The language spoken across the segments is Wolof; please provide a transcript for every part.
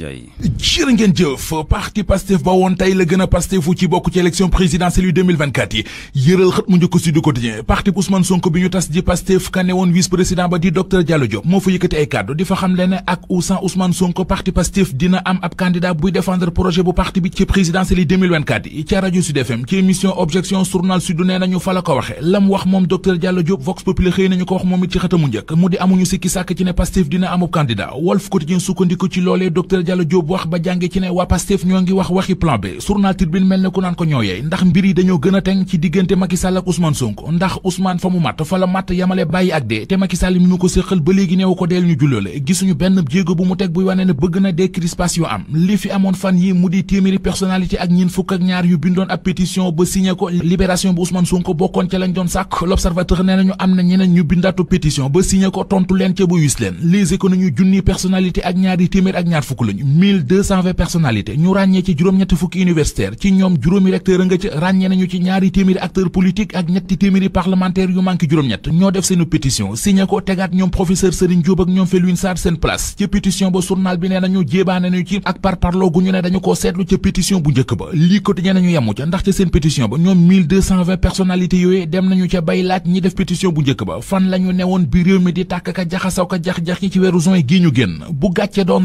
jërë ngeen jëf parti pastef ba woon tey la gën a ci bokk ci élection présidentielle yu yi yëral xët mu njëkk si du quotidien parti bu Ousmane Sonko bi ñu tas ji pastef ka ne woon vice président ba di docteur Diallo Diop moo fa yëkkati ay kàddu di fa xam le ne ak ou sans Ousmane Sonko parti pastef dina am ab candidat buy défendre projet bu parti bi ci présidentielle yi yi ca rajo Sud ci émission objection journal Sud nee nañu fa la ko waxe lam mu njëkk Diallo Diop wax ba jànge ci ne waa ñoo ngi wax waxi plan B journal Tribune mel ne ku naan ko ñooyee ndax mbir yi dañoo gën a teng ci diggante Macky ak Ousmane Sonko ndax Ousmane fa mu mat fa la mat yamale bàyyi ak dee te Macky Sall mi mu ko séqal ba léegi neew ko deel ñu julloole gisuñu benn jéego bu mu teg buy wane ne bëgg na décrispation am li fi amoon fan yi mu di téeméeri personnalité ak ñeen fukk ak ñaar yu bindoon ab pétition ba signé ko libération bu Ousmane Sonko bokkoon ca lañ doon sàkk l'observateur nee nañu am na ñeneen ñu bindaatu pétition ba signé ko tontu leen ca bu wis leen les ak ñaari téeméer ak fukk lañu nañ 1220 personnalités ñu ràññee ci juróom-ñetti fukki universitaire ci ñoom juróomi recteur nga ci ràññee nañu ci ñaari téeméeri acteur politique ak ñetti téeméeri parlementaire yu manqué juróom-ñett ñoo def seenu pétition signé ko tegaat ñoom professeur Serigne Diop ak ñoom Felwine Sarr seen place ci pétition ba journal bi nee nañu jéebaa nañu ci ak par parloo gu ñu ne dañu ko seetlu ca pétition bu njëkk ba lii quotidien nañu yemu ca ndax ca seen pétition dem nañu ca bay laaj ñi def pétition bu njëkk ba fan lañu newoon bi réew mi di tàkk ka jaxasaw ka jax-jax ci weeru juin gi ñu génn bu gàcce doon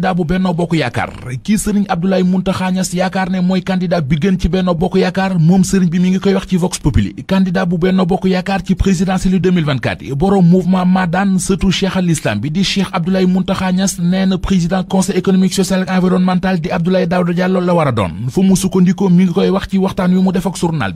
candidat bu Benno Bokk Yaakaar kii sëriñ Abdoulaye Mountakha Niass yaakaar ne mooy candidat bi gën ci Benno Bokk Yaakaar moom sëriñ bi mi ngi koy wax ci Vox Populi candidat bu Benno Bokk Yaakaar ci présidentielle 2024 yi boroom mouvement Madan sëtu Cheikh bi di Cheikh Abdoulaye Mountakha Niass nee président conseil économique social environnemental di Abdoulaye Daouda Diallo la war doon fu mu sukkandikoo mi ngi koy wax ci waxtaan wi mu def ak journal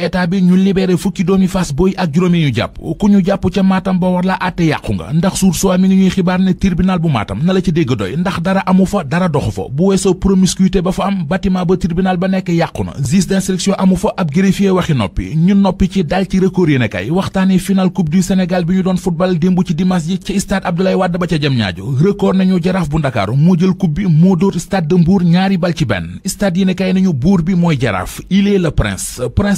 ci état bi ñu libéré fukki doomi Fass Boy ak juróomi ñu jàpp ku ñu jàpp ca Matam ba war la àtte yàqu nga ndax suur soi mi ngi ñuy xibaar ne tribunal bu Matam na la ci dégg doy ndax dara amu fa dara doxu fa bu weesoo promiscuité ba fa am bâtiment ba tribunal ba nekk yàqu na juge d'instruction amu fa ab greffier waxi noppi ñu noppi ci dal ci record yéen kay waxtaane final coupe du Sénégal bi ñu doon football démb ci dimanche ji ba ca jëm ñaajo bi moo dóor stade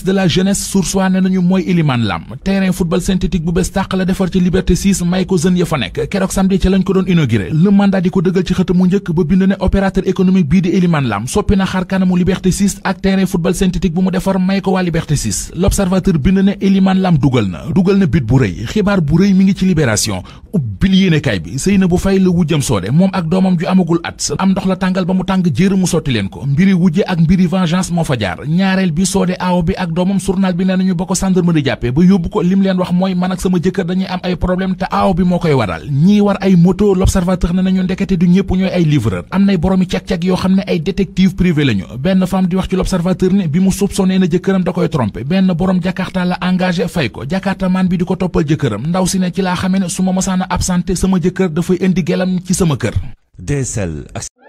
de la jeunesse source waa ne nañu mooy Iliman Lam terrain football synthétique bu bés tàq la defar ci liberté 6 may ko jeunes ya fa nekk keroog samedi ci lañ ko doon inauguré le mandat di ko dëggal ci xëta mu njëkk ba bind ne opérateur économique bii di Iliman Lam soppi na xar kanamu liberté 6 ak terrain football synthétique bu mu defar may ko waa liberté 6 l'observateur bind ne Iliman Lam dugal na dugal na bit bu rëy xibaar bu rëy mi ngi ci libération ubbil yéenekaay bi Seynabou Faye la wujjam soode moom ak doomam ju amagul at am ndox la tàngal ba mu tàng jër mu sotti leen ko mbiri wujje ak mbiri vengeance moo fa jaar ñaareel bi soode aaw bi ak doomam journal bi nee nañu ba ko gendarmerie jàppee ba yóbbu ko lim leen wax mooy man ak sama jëkkër dañuy am ay problème te aaw bi moo koy waral ñii war ay moto l'observateur ne nañu ndekete du ñëpp ñooy ay livreur am nay boroomi cag-cag yoo xam ne ay détective privé lañu benn femme di wax ci l'observateur ne bi mu soupçonné na jëkkëram da koy trompé benn borom jakarta la fay ko jakarta bi di ko toppal jëkkëram ndaw absenté sama jëkkër dafay indi gelam ci sama kër. DSL.